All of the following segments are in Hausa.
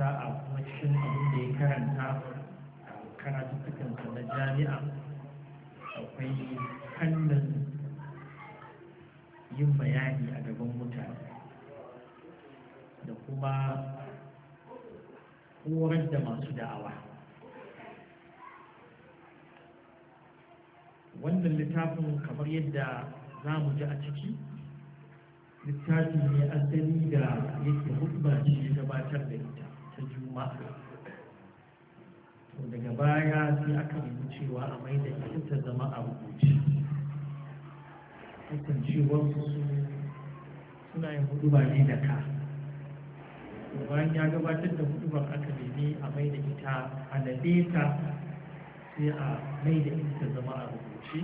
karanta a cikin abin da ya karanta a karatuttukansa na jami'a akwai hannun yin bayani a gaban mutane da kuma horar da masu da'awa wannan littafin kamar yadda za mu ji a ciki littafin ne asali da yake hukumar ya gabatar da ita ta juma'a to daga baya sai aka nemi cewa a mai da ita zama a rubuce kasancewar su suna yin hudu ba ne da ka bayan ya gabatar da hudu ba aka nemi a mai da ita a nade ta sai a mai da ita zama a rubuce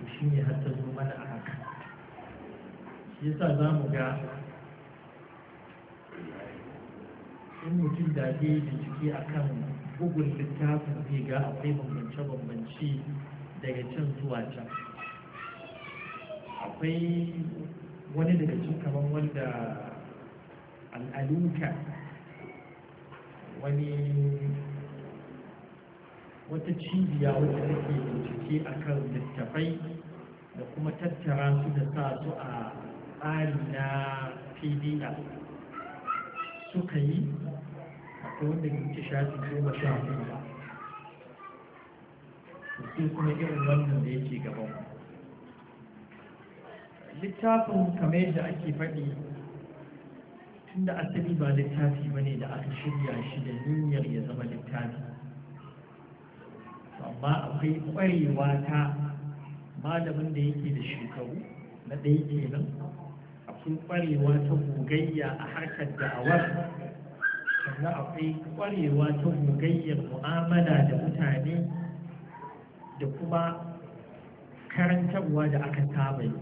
to shi ne har ta zo mana a haka shi yasa za mu ga in mutum da ya yi bincike a kan bugun littafin zai ga akwai bambance-bambance daga can zuwa can akwai wani daga cikin kamar wanda al'aluka wani wata cibiya wadda take bincike a kan littafai da kuma tattara su da sa su a tsari na pdf suka yi da wanda ke ci shafi goma sha biyu ba sai kuma irin wannan da yake gaban littafin kamar yadda ake faɗi tunda asali ba littafi ba ne da aka shirya shi da niyyar ya zama littafi amma akwai ƙwarewa ta malamin da yake da shekaru na ɗaya kenan akwai ƙwarewa ta gogayya a harkar da'awar a akwai kwarewa ta mugayyar mu'amala da mutane da kuma karantarwa da aka saba yi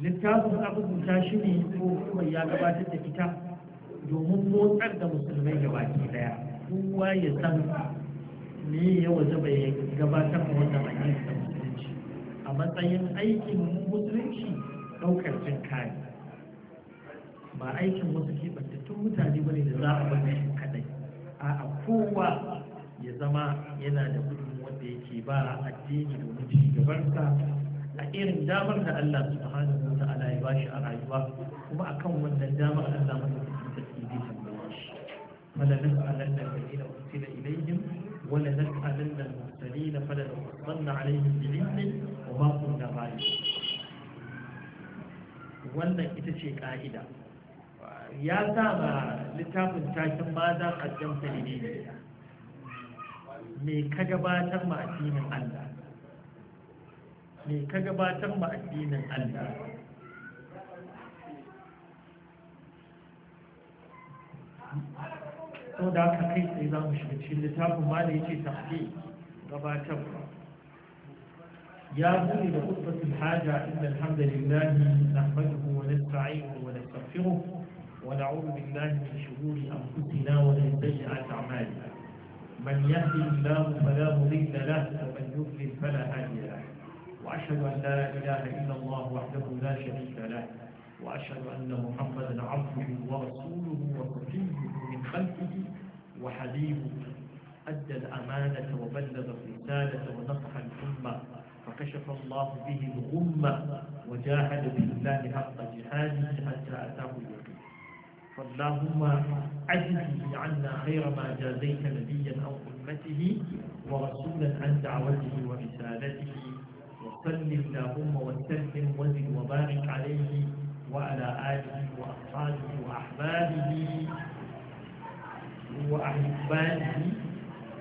littafin abubuwa shi ne ko kuma ya gabatar da ita domin motsar da musulmai ke daya kowa ya san me ya waje bai gabatar da wannan ayyukan da musulunci a matsayin aikin musulunci ɗaukar jin kare ba aikin wasu kebata tun mutane bane da za a bane shi kadai a kowa ya zama yana da gudun wanda yake ba a addini domin ci gabansa a irin damar da Allah subhanahu wa ta'ala ya bashi a rayuwa kuma akan wannan damar Allah masa cikin tasiri tambaye shi fala nas'alanna alladhina ursila ilayhim wa la nas'alanna al-mursalin fala nusanna alayhim bi'ilmin wa ma kunna ghalibin wannan ita ce ka'ida ya sa ma littafin tashin ma za a jamta ne me ka gabatar ma addinin Allah me ka gabatar ma addinin Allah sau da aka kai tsaye za mu shiga cikin littafin ma da ya ce tafi gabatarwa يا بني لخطبة الحاجة إن الحمد لله نحمده ونستعينه ونستغفره ونعوذ بالله من شرور أنفسنا ومن سيئات أعمالنا من يهدي الله فلا مضل له ومن يضلل فلا هادي له وأشهد أن لا إله إلا الله وحده لا شريك له وأشهد أن محمدا عبده ورسوله وصفيه من خلقه وحبيبه أدى الأمانة وبلغ الرسالة ونصح الأمة فكشف الله به الغمة وجاهد بالله حق جهاده حتى أتاه اليقين فاللهم أجزي عنا خير ما جازيت نبيا أو أمته ورسولا عن دعوته ورسالته وصل اللهم وسلم وزد وبارك عليه وعلى آله وأصحابه وأحبابه وأحبابه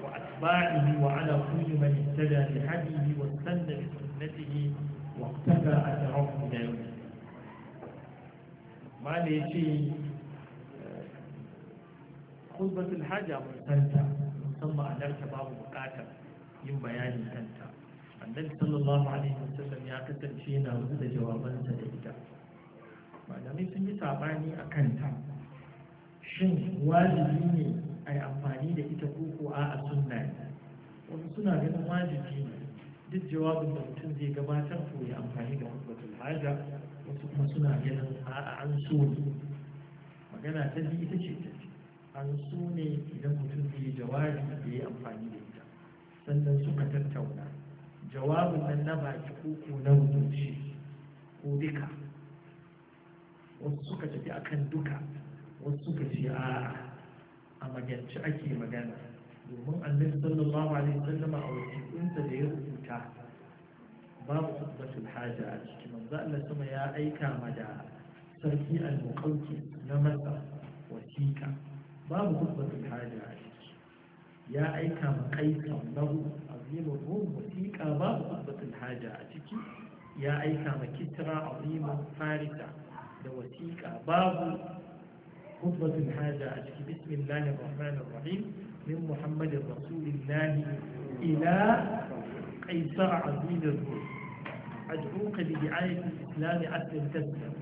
وأتباعه وعلى كل من اهتدى بهديه واستنى بسنته واقتفى أثره إلى يوم ما ليشي kulbatul haja mun tanta musamman a darta babu bukatar yin bayani kanta annabi sallallahu alaihi wasallam ya kasance yana rubuta jawabansa da ita malamai sun yi sabani a kanta shin wajibi ne a yi amfani da ita ko a a sunna ne wani suna ganin wajibi ne duk jawabin da mutum zai gabatar ko ya amfani da kulbatul haja wasu kuma suna ganin a a an so ne magana ta ita ce ta ce an su ne idan mutum zai jawabi da ya amfani da ita sannan suka tattauna jawabin nan na baki ko na rubuce ko duka wasu suka tafi akan duka wasu suka ce a a magance ake magana domin annabi sallallahu alaihi wasallam a wasiƙunsa da ya rubuta babu khutbatul haja a cikin manzo Allah sama ya aika ma da sarki al-muqawqi na masa wasiƙa باب خطبة الحاجة يا أيكا مقيتا له عظيم الروم وثيكا باب خطبة الحاجة أتكي يا أيكا مكترا عظيم فارسا وثيكا باب خطبة الحاجة أتكي بسم الله الرحمن الرحيم من محمد رسول الله إلى قيصر عظيم الروم أدعوك لدعاية الإسلام أتلتزم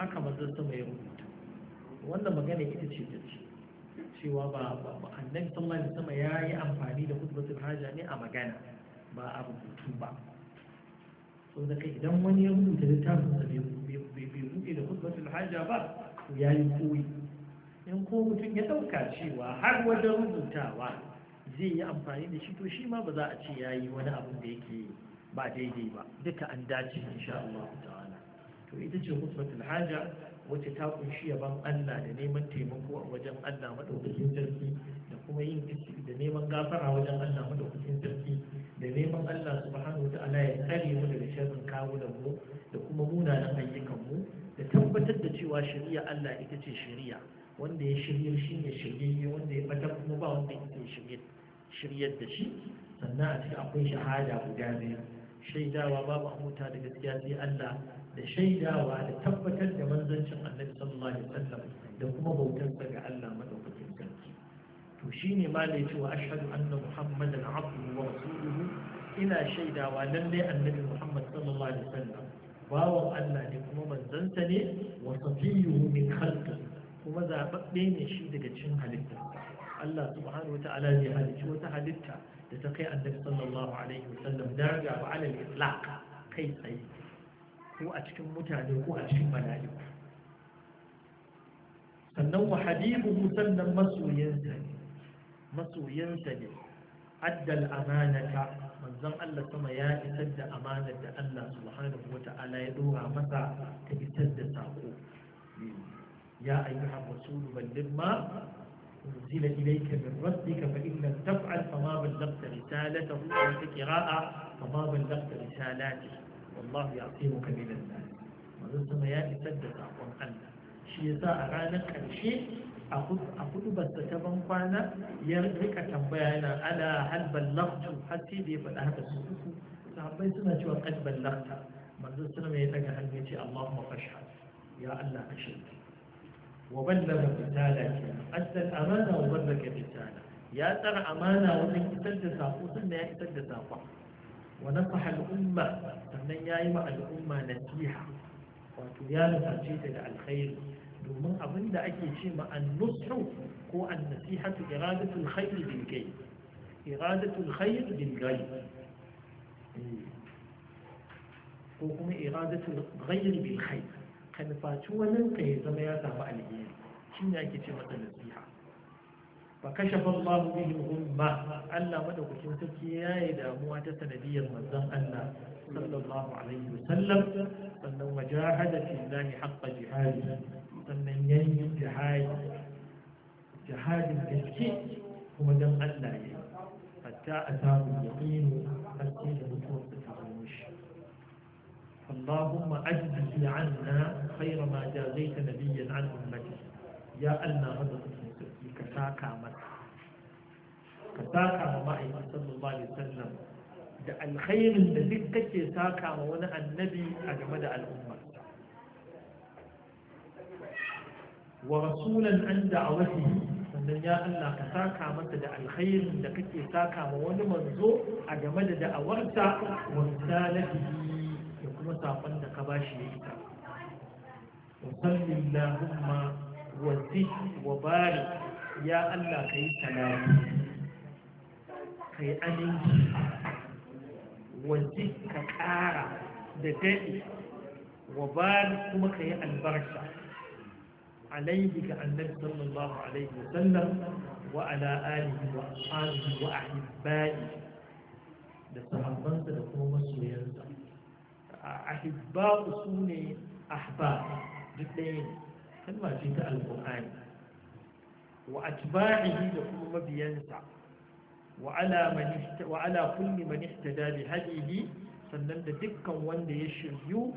أكبر زلطة ما يقول wannan magana ita ce ta ce cewa ba annabi sallallahu alaihi wasallam ya yi amfani da khutbatul haja ne a magana ba a rubutu ba so da kai idan wani ya rubuta littafin sa bai buɗe da khutbatul haja ba to ya yi koyi in ko mutum ya ɗauka cewa har wajen rubutawa zai yi amfani da shi to shi ma ba za a ce ya yi wani abu da yake ba daidai ba duka an dace insha Allah ta'ala to ita ce khutbatul haja wacce ta kunshi yaban Allah da neman taimako a wajen Allah madaukakin sarki da kuma yin da neman gafara wajen Allah madaukakin sarki da neman Allah subhanahu wa ta'ala ya tsare mu daga sharrin kawunan mu da kuma munanan ayyukan mu da tabbatar da cewa shari'a Allah ita ce shari'a wanda ya shirye shi ne shirye wanda ya fata kuma ba wanda ya shirye shiryar da shi sannan a cikin akwai shahada guda biyu shaidawa babu a amuta da gaskiya sai Allah da shaidawa da tabbatar da manzancin annabi sallallahu alaihi wasallam da kuma bautarsa ga Allah madaukakin sarki to shine ma da yace wa ashhadu anna muhammadan abduhu wa rasuluhu ina shaidawa lalle annabi muhammad sallallahu alaihi wasallam bawan Allah ne kuma manzansa ne wa safiyuhu min khalqi kuma zababbe ne shi daga cikin halitta Allah subhanahu wata'ala zai halicci wata halitta da ta kai annabi sallallahu alaihi wasallam daraja ba alal itlaq kai tsaye ko a cikin mutane ko a cikin mala'iku sannan wa habibuhu sannan masoyinsa ne masoyinsa ne addal amanata manzon Allah sama ya isar da amanar da Allah subhanahu wata'ala ya dora masa ta isar da sako ya ayyuha rasulu balligh ma أنزل إليك من ربك فإن لم تفعل فما بلغت رسالته وفي قراءة فما بلغت رسالاته والله يعطيه كبير الله ونسمى يالي فدت أقوم قلنا شيء يسا أغانك الشيء أخذ أخذ بس كبن قانا يرغيك تنبيعنا على هل بلغت حتى دي فالأهد السلسة فأبي سنة جوا قد بلغت من ذو السلام يتقى هل ميتي اللهم فاشحد يا الله أشهد وبلغ رسالك أدى الأمانة وبلغ الرسالة يا ترى أمانة وزن كتل تساقوسا ما يكتل تساقوسا wa na al'umma sannan ya yi wa al'umma nasiha wato ya nuface ta da alkhairi domin abin da ake ce ma annusru ko annasihatu iradatul khair bil gay iradatul khair bil gay eh. ko kuma iradatul ghair bil khair kan faci wannan kai zama ya samu alheri shine ake ce masa فكشف الله به الغمة ألا مدوك شمتكي يا إذا موات سندي المزن ألا صلى الله عليه وسلم فأنه جاهد في الله حق جهاده فمن ينهي جهاد جهاد الجسكي هو دم ألا حتى أتاه اليقين فسيد بطور تتغيرش اللهم أجزي عنا خير ما جازيت نبيا عن أمتي يا ألا مدوك saka masa ka saka ma ma'aikin sallallahu alaihi wasallam da alkhairin da duk kake saka ma wani annabi a game da al'umma wa rasulan an da'awati sannan ya Allah ka saka masa da alkhairin da kake saka ma wani manzo a game da da'awarsa wa risalatihi da kuma sakon da ka bashi ya ita wa sallallahu wa zid wa barik ya Allah ka yi salatu ka yi aminci wajen ka ƙara da daɗi wa bari kuma ka yi albarka alaihi ga annabi sallallahu alaihi wa wa ala alihi wa ashabihi wa ahibbani da sahabbansa da kuma masoyansa ahibba su ne ahba duk ɗaya ne kalma ce ta alƙur'ani wa atba'ihi da kuma mabiyansa wa ala man wa ala kulli man ihtada bi sannan da dukkan wanda ya shiryu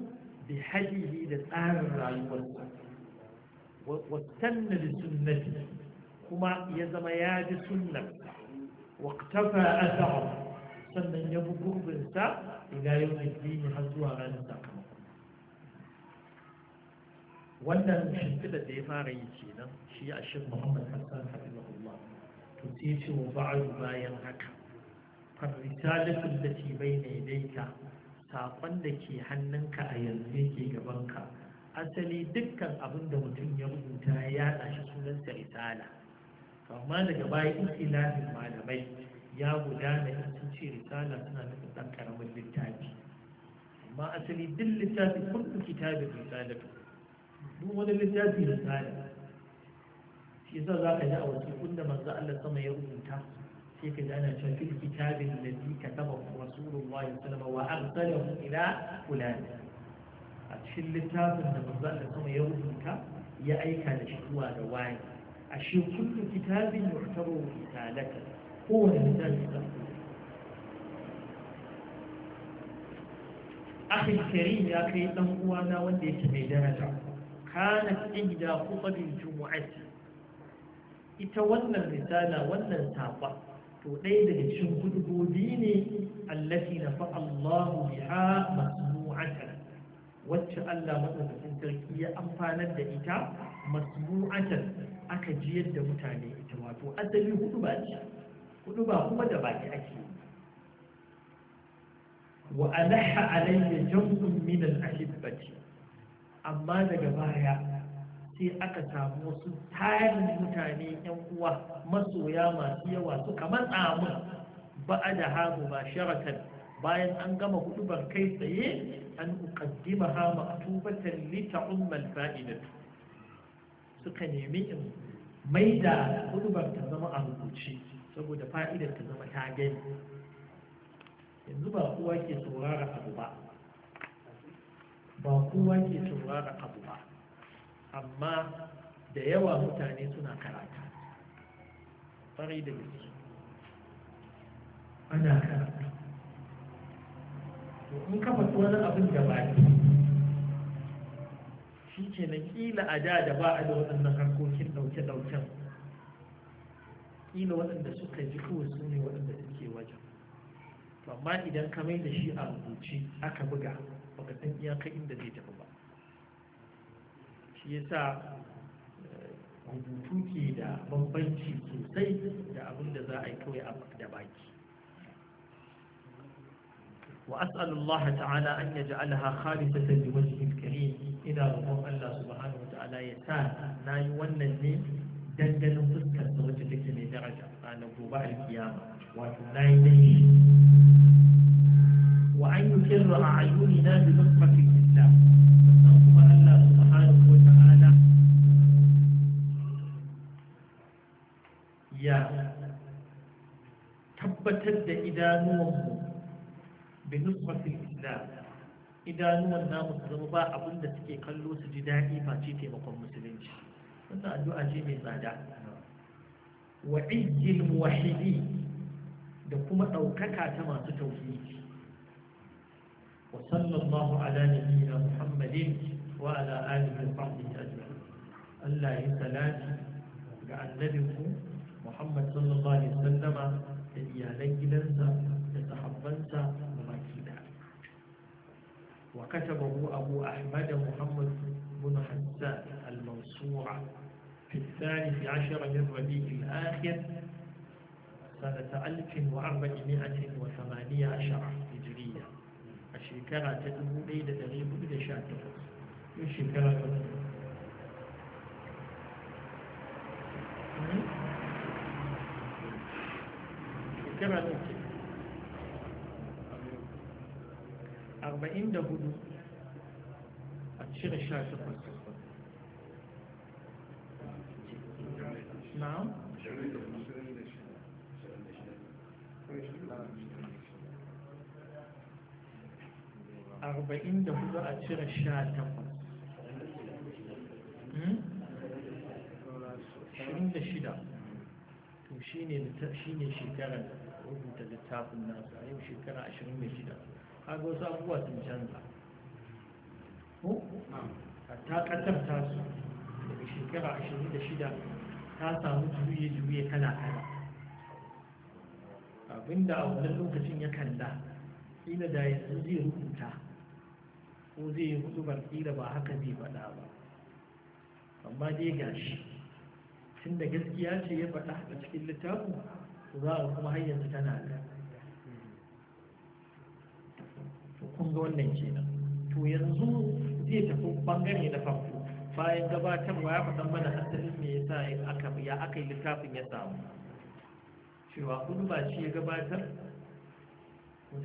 bi hadihi da tsarin rayuwarsa wa sanna sunnati kuma ya zama ya ji sunnar wa qtafa athar sannan ya bi gurbinsa ila yawmin har zuwa ranar wannan shimfiɗa da ya fara yi kenan shi a shi muhammad hassan hafizahullah to sai ce wa ba'adu bayan haka farrisalatul da ce bai ne daita saƙon da ke hannunka a yanzu yake gabanka asali dukkan abin da mutum ya rubuta ya yaɗa shi sunansa risala amma daga baya ikhtilafin malamai ya gudana in ce risala suna nufin ɗan ƙaramin littafi amma asali duk littafi kullum kitabin risalatu duk wani littafi na tsari shi yasa za ka ji a wasu kunda manzo Allah sama ya rubuta sai ka ji ana cewa fil kitabin ladhi kataba rasulullahi sallallahu alaihi wasallam wa arsalahu ila fulan a cikin littafin da manzo Allah sama ya rubuta ya aika da shi zuwa da wani a shi kullu kitabin yu'tabaru risalatan kowane littafi da akhi karim ya kai dan uwana wanda yake mai daraja kanat ihda khutabil jumu'ati ita wannan risala wannan safa to ɗaya daga cikin hudubobi ne allati nafa Allahu biha masmu'atan wacce Allah madaukakin sarki ya amfanar da ita masmu'atan aka jiyar da mutane ita wato asali hudu ba ce hudu ba kuma da baki ake wa alaha alayya jam'un min al-ahibbati amma daga baya sai aka samu wasu tarin mutane yan uwa masoya masu yawa su kamar tsamun ba a da hagu ba sharatan bayan an gama hudubar kai tsaye an ukaddima ha maktubatan li ta'ummal fa'idatu suka nemi in mai da hudubar ta zama a rubuce saboda fa'idar ta zama ta gani yanzu ba kowa ke saurara abu ba ba kowa ke saurara abu ba amma da yawa mutane suna karata ƙwarai da biki ana karata to in ka wani abin da ba ke shi ke na ƙila a da da ba a da waɗannan harkokin ɗauke-ɗauken ƙila waɗanda suka ji kawai su ne waɗanda suke wajen amma idan ka mai da shi a rubuce aka buga baka san iyakar inda zai tafi ba shi ya sa eh, rubutu ke da bambanci sosai da abinda za a yi kawai abu da baki wa as'alu ta'ala an ya ja'ala ha khalifatan li wajhi al-karim ina roƙon Allah subhanahu wa ta'ala ya sa nayi wannan ne dangane fuskar ta wacce take mai daraja ranar gobe al-kiyama wato nayi dai وأن يقر أعيننا بنصرة الإسلام نصر الله سبحانه وتعالى يا tabbatar da idanuwanmu bi nusratil islam idanuwan namu su zama ba abin da suke kallo su ji daɗi ba ce taimakon musulunci wannan addu'a ce mai tsada wa ijjil muwahhidi da kuma ɗaukaka ta masu tauhidi وصلى الله على نبينا محمد وعلى آله وصحبه أجمعين الله سلام عن نبيه محمد صلى الله عليه وسلم يا جلنسا لتحبنسا ومكيدا وكتبه أبو أحمد محمد بن حسان الموسوعة في الثالث عشر من ربيع الآخر سنة 1418 shekara ta 1418 yau shekara ta shekara ta ce 44 a cire 18 na'am? arba'in da hudu a cire sha takwas hmm? Shirin da shida to shi ne shekarar rubuta littafin nasu a yau shekara ashirin da shida kaga wasu abubuwa sun canza ko a takatar tasu daga shekara ashirin da shida ta samu juye-juye kala-kala abinda a wani lokacin ya kalla ina da yanzu zai rubuta ko zai yi hudu barki da ba haka zai faɗa ba amma dai gashi tun da gaskiya ce ya faɗa a cikin littafin za a kuma hanyar tana da kun ga wannan kenan to yanzu zai tafi bangare na farko bayan gabatarwa ya faɗa mana asalin me yasa aka ya aka yi littafin ya samu cewa hudu ba shi ya gabatar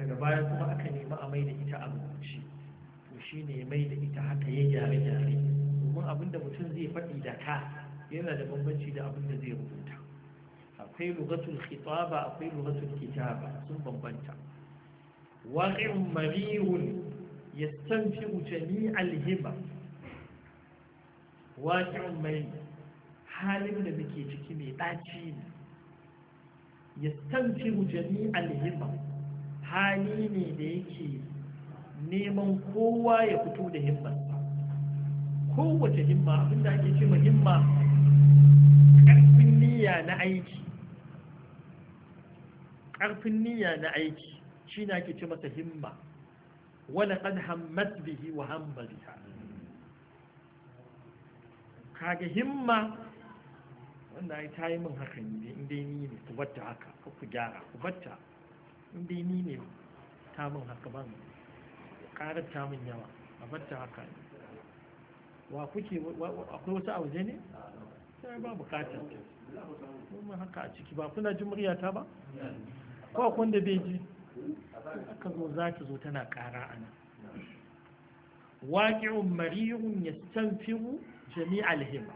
daga baya kuma aka nemi a mai da ita a rubuce to shi ne mai da ita haka ya gyare gyare domin abin da mutum zai faɗi da ka yana da bambanci da abin da zai rubuta akwai lugatul khitaba akwai lugatul kitaba sun bambanta waqi'un marihun yastanfi'u jami'al wa waqi'un mai halin da muke ciki mai ɗaci ne yastanfi'u jami'al hima hali ne da yake neman kowa ya fito da himma kowace himma abinda ake ce himma ƙarfin niyya na aiki ƙarfin niyya na aiki shi na ake ce masa himma wala qad hammat bihi wa hamma biha kaga himma wannan ai ta yi min haka ne in dai ni ne ku batta haka ku gyara ku batta in dai ni ne ta min haka ba karar tamun yawa a batta haka ne wa kuke akwai wasu a waje ne sai ba bukatar kuma haka a ciki ba kuna jin muryata ba ko kun da bai ji aka zo za ta zo tana kara ana waƙi'un mariyun ya sanfiru jami'al himma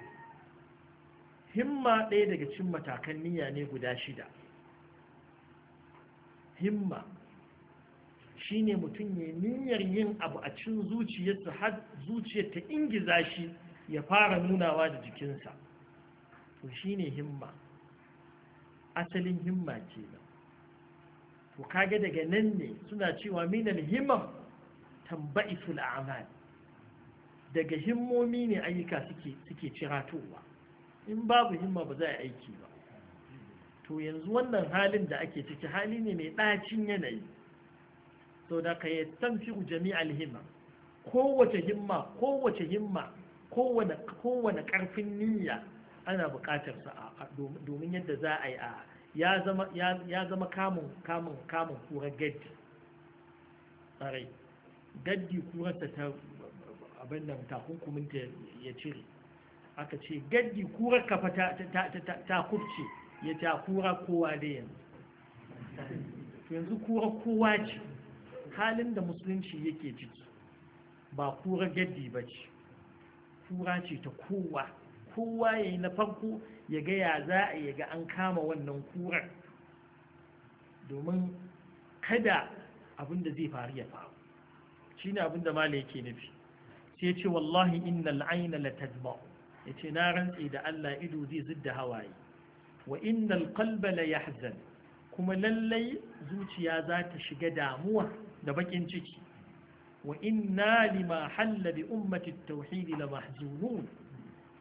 himma ɗaya daga cin matakan niyya ne guda shida himma shine mutum ya niyyar yin abu a cin zuciyarsa har zuciyar ta ingiza shi ya fara nunawa da jikinsa to shine himma asalin himma ce to kage daga nan ne suna cewa minal himma tamba'isul a'mal daga himmomi ne ayyuka suke suke ciratowa in babu himma ba za a aiki ba to yanzu wannan halin da ake ciki hali ne mai ɗacin yanayi so da ka yastanfiru jami'al himma kowace himma kowace himma kowane karfin niyya ana buƙatar sa domin yadda za a yi a ya zama ya zama kamun kamun kamun kura gaddi sarai gaddi kurarsa ta abin da takunkumin ta ya cire aka ce gaddi kurar kafa ta kubce ya ta kura kowa da yanzu yanzu kura kowa ce halin da musulunci yake ciki ba kura gaddi ba ce kura ce ta kowa kowa ya yi na farko ya ga ya za a ga an kama wannan kurar domin kada abin da zai faru ya faru shi ne abin da mala yake nufi sai ce wallahi innal aina la tadba ya ce na rantse da Allah ido zai zidda hawaye wa innal qalba la yahzan kuma lallai zuciya za ta shiga damuwa da bakin ciki wa inna lima halla bi ummati tauhid la mahzunun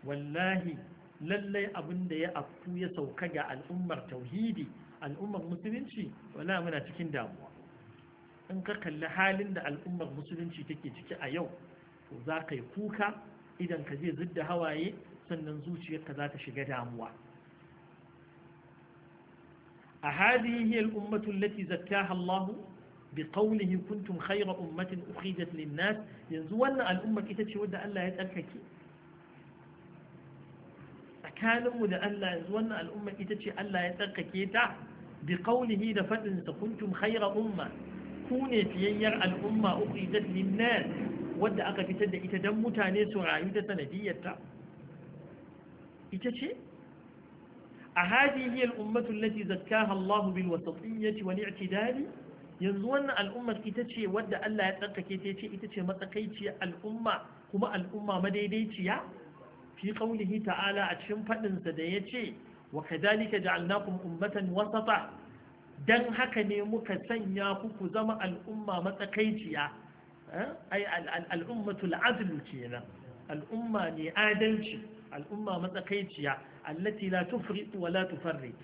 wallahi lallai abinda ya afku ya sauka ga al'ummar tauhidi al'ummar musulunci wala muna cikin damuwa in ka kalli halin da al'ummar musulunci take ciki a yau to za ka yi kuka idan ka zai zidda hawaye sannan zuciyarka za ta shiga damuwa أهذه هي الأمة التي زكاها الله بقوله كنتم خير أمة أخرجت للناس ينزون الأمة إتتش ودى أن لا يتألحك أكانوا ودى أن لا ينزون الأمة إتتش أن لا يتألحك بقوله دفت كنتم خير أمة كوني تيير الأمة أخرجت للناس ودى أقفتد إتدمتاني سرعي تسندية إتتش a hadi hiya al'ummatu allati zakkaha Allah bil wasatiyyati wani i'tidali yanzu wannan al'ummar ita ce wadda Allah ya tsarkake ta ce ita ce matsakaiciyar al'umma kuma al'umma madaidaiciya fi qaulihi ta'ala a cikin fadin sa da ce wa kadhalika ja'alnakum ummatan wasafa dan haka ne muka sanya ku ku zama al'umma matsakaiciya eh? ai al'ummatul adl kenan al'umma ne adalci al'umma matsakaiciya allati la tufrit wa la tufarrit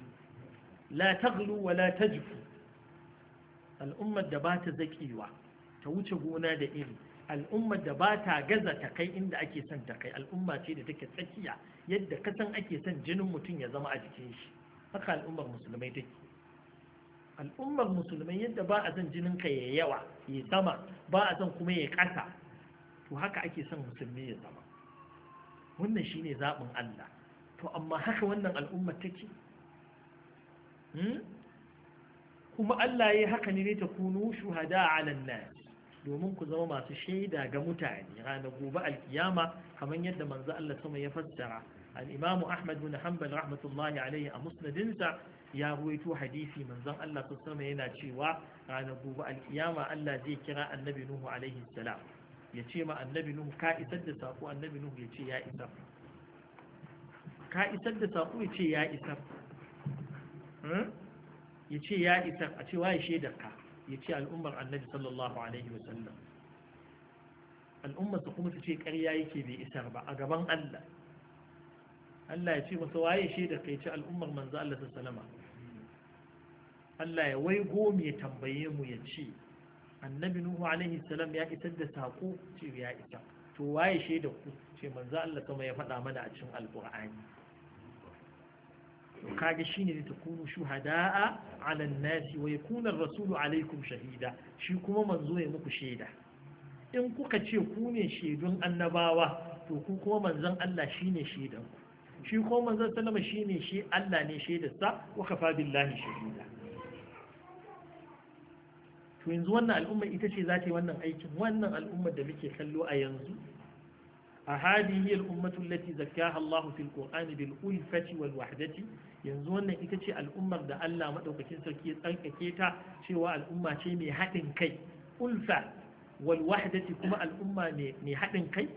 la taghlu wa la tajfu al'ummar da bata ta zaƙiwa ta wuce gona da iri al'ummar da bata ta gaza ta kai inda ake son ta kai al'umma ce da take tsakiya yadda kasan ake son jinin mutum ya zama a jikin shi haka al'ummar musulmai take al'ummar musulmai yadda ba a son jinin ka ya yawa ya sama ba a son kuma ya ƙasa to haka ake son musulmi ya zama wannan shine zaɓin Allah to amma haka wannan al'umma take hmm? kuma Allah ya haka ne ta kunu shuhada ala nas domin ku zama masu shaida ga mutane ranar gobe alkiyama kamar yadda manzo Allah sama ya fassara al Ahmad bin Hanbal rahmatullahi alayhi a musnadinsa ya ruwaito hadisi manzon Allah sama yana cewa ranar gobe alkiyama Allah zai kira annabi Nuhu alaihi salam ya ce ma annabi Nuhu ka isar da sako annabi Nuhu ya ce ya isar ka isar da saƙo ya ce ya isar hmm? ya ce ya isar a cewa ya shaidar ka ya ce al'ummar annabi sallallahu alaihi wa sallam al'ummar su kuma su ce ƙarya yake bai isar ba a gaban Allah Allah ya ce masa waye shaidar ka ya ce al'ummar manzo Allah sallama Allah ya wai gomi ya tambaye mu ya ce annabi Nuhu alaihi salam ya isar da saƙo ce ya isar to waye shaidar ku ce manzo Allah sama ya faɗa mana a cikin alƙur'ani kaga shine da takunu shuhada'a 'ala an-nasi wa yakuna ar-rasulu 'alaykum shahida shi kuma manzo ya muku shaida in kuka ce ku ne shaidun annabawa to ku kuma manzon Allah shine shaidan shi kuma manzon sallama shine shi Allah ne shaidarsa wa kafa billahi shahida to yanzu wannan al'umma ita ce za ta yi wannan aikin wannan al'ummar da muke kallo a yanzu ahadi hiya al-ummatu allati zakkaha Allah fil Qur'ani bil ulfati wal wahdati yanzu wannan ita ce al'ummar da Allah madaukakin sarki ya tsarkake ta cewa al'umma ce mai haɗin kai ulfa wal wahdati kuma al'umma mai haɗin kai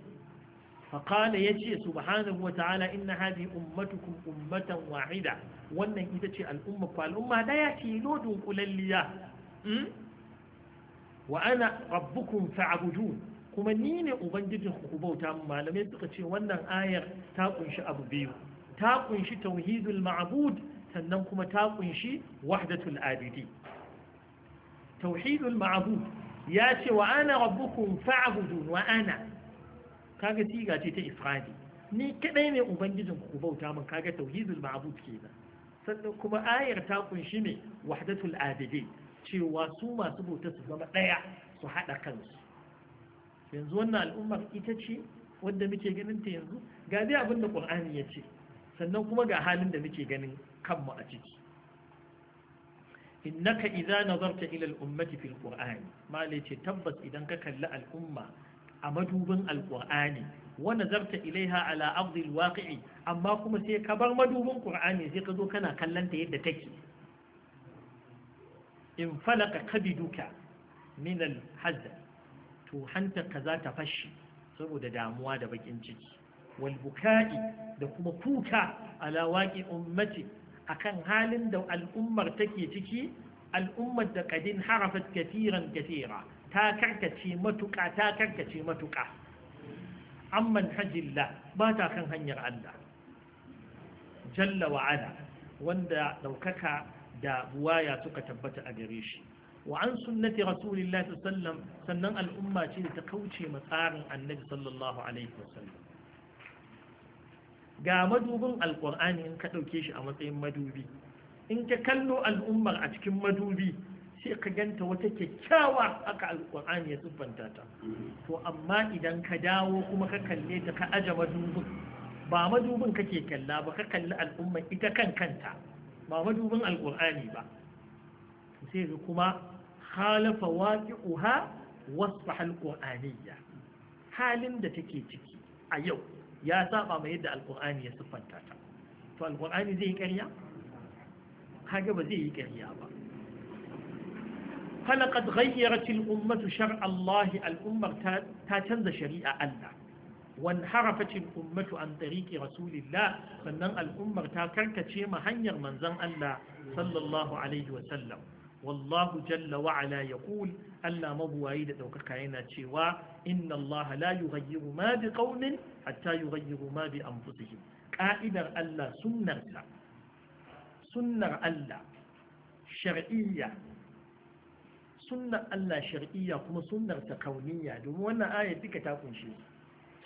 فقال يجي سبحانه وتعالى إن هذه أمتكم أمة واحدة وأن إذا الأمة فالأمة لا يأتي لود قللية وأنا ربكم فاعبدون kuma ni ne ubangijin ku bauta mu malamai suka ce wannan ayar ta kunshi abu biyu ta kunshi tauhidul ma'bud sannan kuma ta kunshi wahdatul abidi tauhidul ma'bud ya ce wa ana rabbukum fa'budun wa ana kaga siga ce ta ifradi ni kadai ne ubangijin ku bauta min kaga tauhidul ma'bud kenan sannan kuma ayar ta kunshi ne wahdatul abidi cewa su masu bauta su zama daya su hada kansu yanzu wannan al'ummar ita ce wadda muke ganin ta yanzu ga dai abin da qur'ani ya ce sannan kuma ga halin da muke ganin kanmu a ciki innaka idza nazarta ila al-ummati fil qur'ani mala ce tabbas idan ka kalli al'umma a madubin Al-Qur'ani, wa nazarta ilaiha ala ardi al-waqi'i amma kuma sai ka bar madubin qur'ani sai ka zo kana kallon ta yadda take in falaka kabiduka min al-hazan to hanta kaza ta fashe saboda damuwa da bakin ciki Walbuka'i da kuma kuka ala ummati a akan halin da al'ummar take ciki al'ummar da kadin harafat katiran katira ta karkace matuka ta karkace matuka amman hajilla ba ta kan hanyar Allah jalla wa wanda daukaka da buwaya suka tabbata a gare shi wa an sunnati rasulillahi sallallahu alaihi wasallam sannan al'umma ce da ta kauce ma tsarin annabi sallallahu alaihi wasallam ga madubin Alƙur'ani in ka ɗauke shi a matsayin madubi in ka kallo al'ummar a cikin madubi sai ka ganta wata kyakkyawa aka alkur'ani ya siffanta ta to amma idan ka dawo kuma ka kalle ta ka aja madubin ba madubin kake kalla ba ka kalli al'umma ita kan kanta ba madubin alkur'ani ba sai kuma halafa waƙi uha wasu halƙo'aniyya halin da take ciki a yau ya saba mai yadda alƙo'ani ya siffanta ta to alƙo'ani zai yi ƙarya? kage ba zai yi ƙarya ba falakat ghayyaratil ummatu shar al'ummar ta canza shari'a Allah wan harafatil ummatu an tariqi rasulillah sannan al'ummar ta karkace ma hanyar manzon Allah sallallahu alaihi wa sallam والله جل وعلا يقول ألا مبوائي لتوككينا تشيوا إن الله لا يغير ما بقوم حتى يغيروا ما بأنفسهم قائدر ألا سنة سنة ألا شرعية سنة ألا شرعية كما سنة كونية دم وانا آية ديك تاكون شيء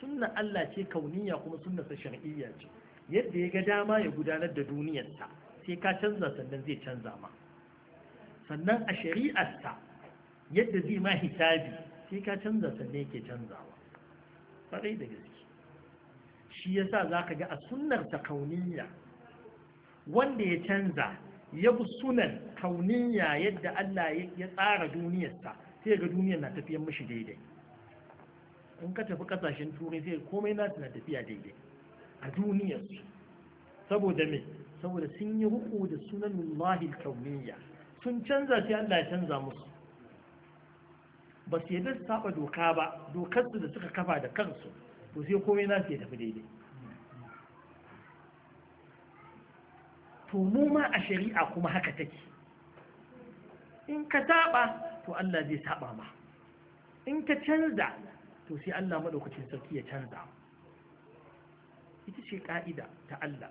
سنة ألا شيء كونية كما سنة شرعية يدي قداما يقدانا الدنيا سيكا تنزى سنن زي تنزى ما sannan a shari'arta, yadda zai ma hisabi sai ka canza sannan yake canzawa farai da gaske shi yasa za ka ga a sunnar ta kauniya wanda ya canza ya bi sunan kauniya yadda Allah ya tsara duniyarsa sai ga duniyar na tafiyar mashi daidai in ka tafi kasashen turai sai komai nasu na tafiya daidai a duniyarsu saboda me saboda sun yi ruku da sunan lullahi kauniya sun canza sai Allah ya canza musu ba su yadda su saba doka ba dokarsu da suka kafa da kansu to sai komai na ya tafi daidai to mu ma a shari'a kuma haka take in ka saba to Allah zai saba ma in ka canza to sai Allah maɗaukacin sarki ya canza ita ce ƙa'ida ta Allah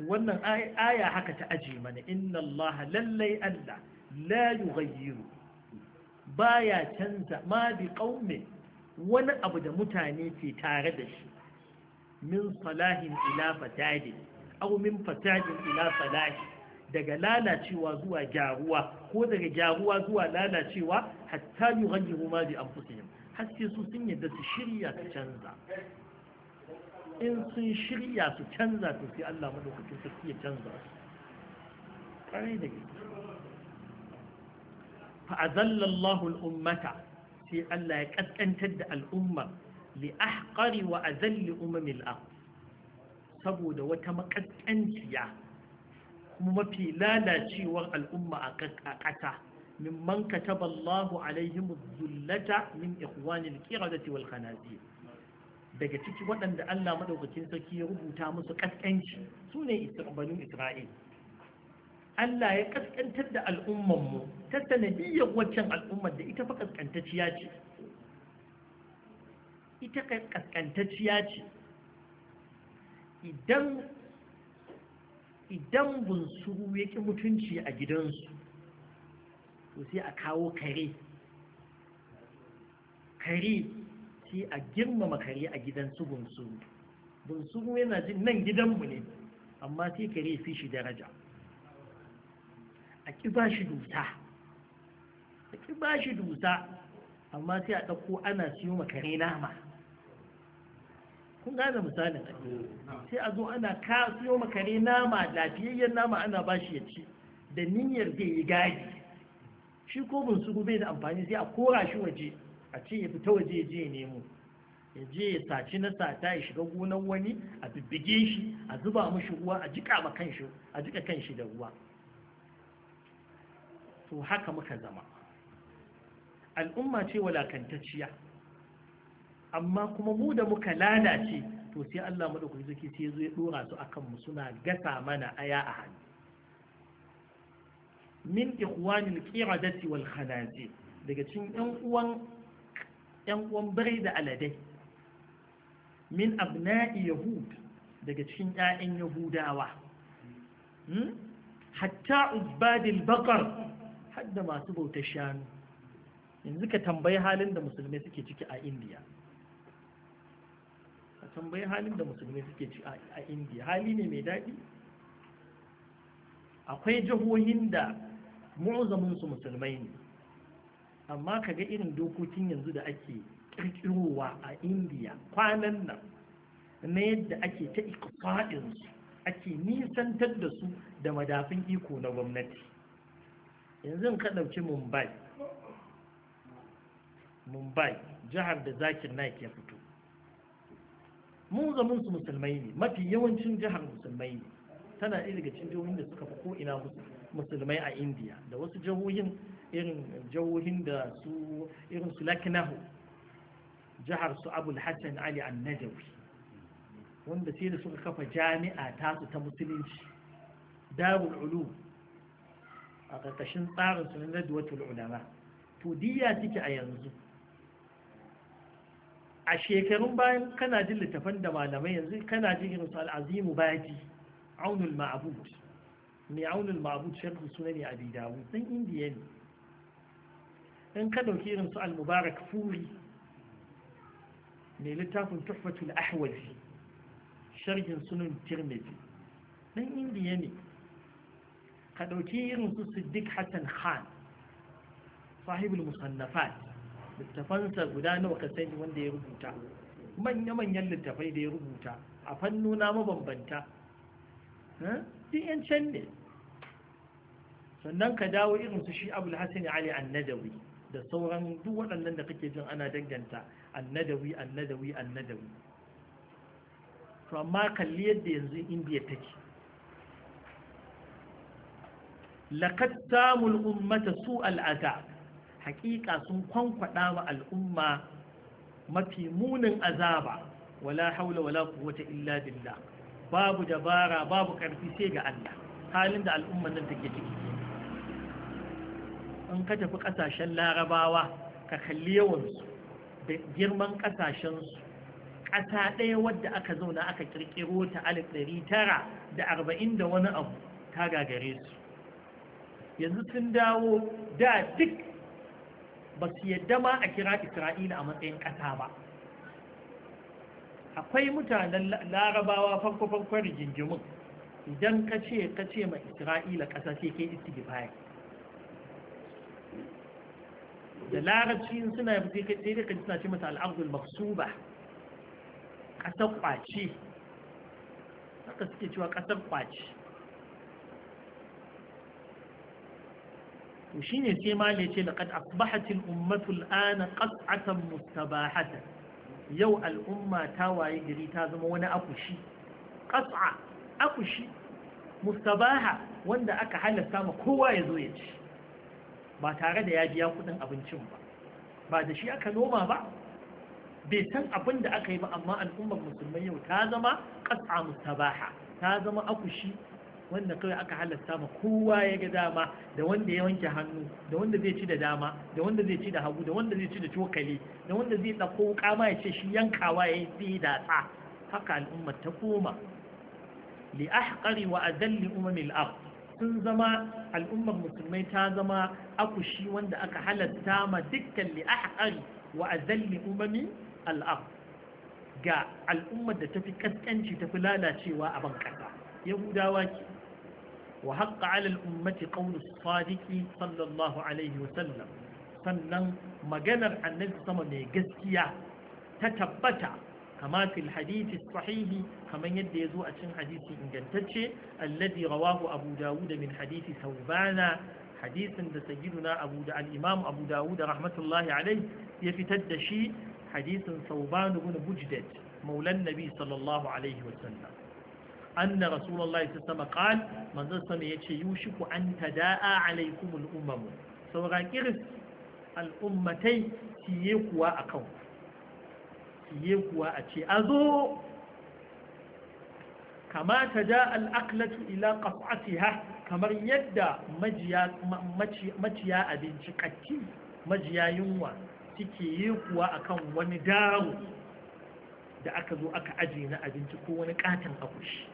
wannan aya haka ta aji mana inna Allah lallai Allah la yughayyiru baya canza ma bi qaumi wani abu da mutane ke tare da shi min salahin ila fatadi. aw min fatadin ila salahin daga lalacewa zuwa gyaruwa ko daga gyaruwa zuwa lalacewa hatta yughayyiru ma bi anfusihim haske su sun yadda su shirya ta canza in sun shirya su canza su sai Allah madaukakin sarki ya canza su kare da gaske fa azallallahu al-ummata sai Allah ya kaskantar da al'umma li ahqari wa azalli umamil ard saboda wata makaskanciya kuma mafi lalacewar al'umma a min mimman kataba Allahu alaihim zullata min ikhwanil qiradati wal khanazir daga ciki waɗanda Allah madaukakin sarki ya rubuta musu kaskanci su ne banu Isra'il Allah ya kaskantar da al'ummar mu ta sanadiyyar waccan al'ummar da ita fa kaskantacciya ce ita kaskantacciya ce idan idan bunsuru ya ƙi mutunci a gidansu to sai a kawo kare kare ciki a girmama kare a gidan su bunsuru bunsuru yana jin nan gidan mu ne amma sai kare fi shi daraja a ki ba shi dusa a ki ba shi dusa amma sai a ɗauko ana siyo ma kare nama kun gane misalin sai a zo ana ka siyo ma nama lafiyayyen nama ana ba shi ya ci da niyyar zai yi gadi shi ko bunsuru bai da amfani sai a kora shi waje a ce ya fita waje ya je ya nemo ya je ya saci na sata ya shiga gonar wani a bibbige shi a zuba mashi ruwa a jika ma kanshi a jika kanshi da ruwa to haka muka zama al'umma ce walakantacciya amma kuma mu da muka lalace to sai Allah madaukakin sarki sai zo ya dora su akan mu suna gasa mana aya a hannu min ikhwanil qiradati wal khanazir daga cikin yan uwan ‘yan uwan birai da aladai min abna'i yahud daga cikin ‘ya'yan yahudawa hmm? hatta uzbadil bakar hadda masu bauta shanu yanzu ka tambayi halin da musulmai suke ciki a indiya ka tambayi halin da musulmai suke ciki a indiya hali ne mai daɗi akwai jihohin da mu'azaminsu musulmai ne amma ka ga irin dokokin yanzu da ake kirkirowa a indiya kwanan nan na yadda ake ta ikfaɗinsu ake nisantar da su da madafin iko na gwamnati yanzu ka ɗauki mumbai mumbai jihar da zakir naik ya fito mun su musulmai ne mafi yawancin jihar musulmai ne tana ɗaya daga cikin jihohin da suka fi ko'ina musulmai a indiya da wasu jihohin irin jawohin da su irin su laknahu jihar su abul hassan ali annajawi wanda sai da suka kafa jami'a tasu ta musulunci darul ulu a ƙarƙashin tsarin su na nadwatul ulama to diya take a yanzu a shekarun bayan kana jin littafan da malamai yanzu kana jin irin su al'azimu baji aunul ma'abud mai aunul ma'abud sharhu sunani abi dawud ɗan indiya ne in ka ɗauki irin su al-mubarak furi mai littafin tuhfatul ahwazi sharhin sunan tirmidhi ɗan indiya ne ka ɗauki irin su siddiq hassan khan sahibul musannafat littafansa guda nawa ka sani wanda ya rubuta manya-manyan littafai da ya rubuta a fannuna mabambanta eh? duk yan can ne sannan ka dawo irin su shi abul hassan ali annadawi da sauran duk waɗannan da kake jin ana danganta annadawi annadawi annadawi to amma kalli yadda yanzu indiya take laqad tamul ummata su'al al'ada haƙiƙa sun kwankwada wa al'umma mafi munin azaba wala haula wala quwwata illa billah babu dabara babu ƙarfi sai ga Allah halin da al'umman nan take ciki in ka tafi ƙasashen larabawa ka kalli yawansu da girman ƙasashensu ƙasa ɗaya wadda aka zauna aka ƙirƙiro ta alif ɗari tara da arba'in da wani abu ta gagare su yanzu sun dawo da duk ba su yadda ma a kira isra'ila a matsayin ƙasa ba akwai mutanen larabawa farko-farkon rigingimin idan ka ce ka ce ma isra'ila ƙasa sai ke istighfari da larabci in suna yafi sai da ka suna ce mata al'abdul maksuba ƙasar ƙwace haka suke cewa ƙasar ƙwace to shine sai mali ne ce laqad asbahatil ummatu al'ana qas'atan mustabahatan yau al'umma ta waye gari ta zama wani akushi qas'a akushi mustabaha wanda aka halasta ma kowa ya zo ya ci ba tare da ya biya kudin abincin ba ba da shi aka noma ba bai san abin da aka yi ba amma al'ummar musulmai yau ta zama ƙasa mustabaha ta zama akushi wanda kawai aka halasta ma kowa ya ga dama da wanda ya wanke hannu da wanda zai ci da dama da wanda zai ci da hagu da wanda zai ci da cokali da wanda zai ɗauko wuka ma ya ce shi yankawa ya yi datsa haka al'ummar ta koma li ahqari wa azalli umamil ardh sun zama al'ummar musulmai ta zama akushi wanda aka halatta ma dukkan li ahqari wa azalli umami al'ab ga al'ummar da tafi kaskanci tafi lalacewa a ban kasa yahudawa ke wa haƙa 'ala ummati qawlu sadiqi sallallahu alaihi wa sallam sannan maganar annabi sama mai gaskiya ta tabbata kama fil hadithi sahihi kaman yadda zo a cikin hadisi ingantacce alladhi rawahu abu dawud min hadithi thawbana hadithin da sayyiduna abu da al-imam abu dawud rahmatullahi alayhi ya fitar da shi hadisin thawban ibn bujdad maulan nabi sallallahu alayhi wa sallam anna rasulullahi sallallahu alayhi wa sallam qala man zasa me yace yushiku an tadaa alaykum al-umam sauraki al-ummatai fiye kuwa akan siye kuwa a ce a zo kamata da al'aklatu ila ha kamar yadda maciya abinci ƙatti majiya yunwa suke yi kuwa akan wani daro da aka zo aka aje na abinci ko wani katon akushi